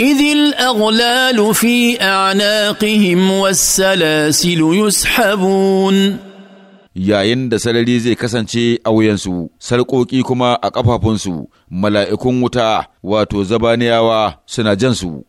إذ الأغلال في أعناقهم والسلاسل يسحبون yayin da sarari zai kasance a wuyansu, sarƙoƙi kuma a ƙafafunsu, mala'ikun wuta wato zabaniyawa suna jansu.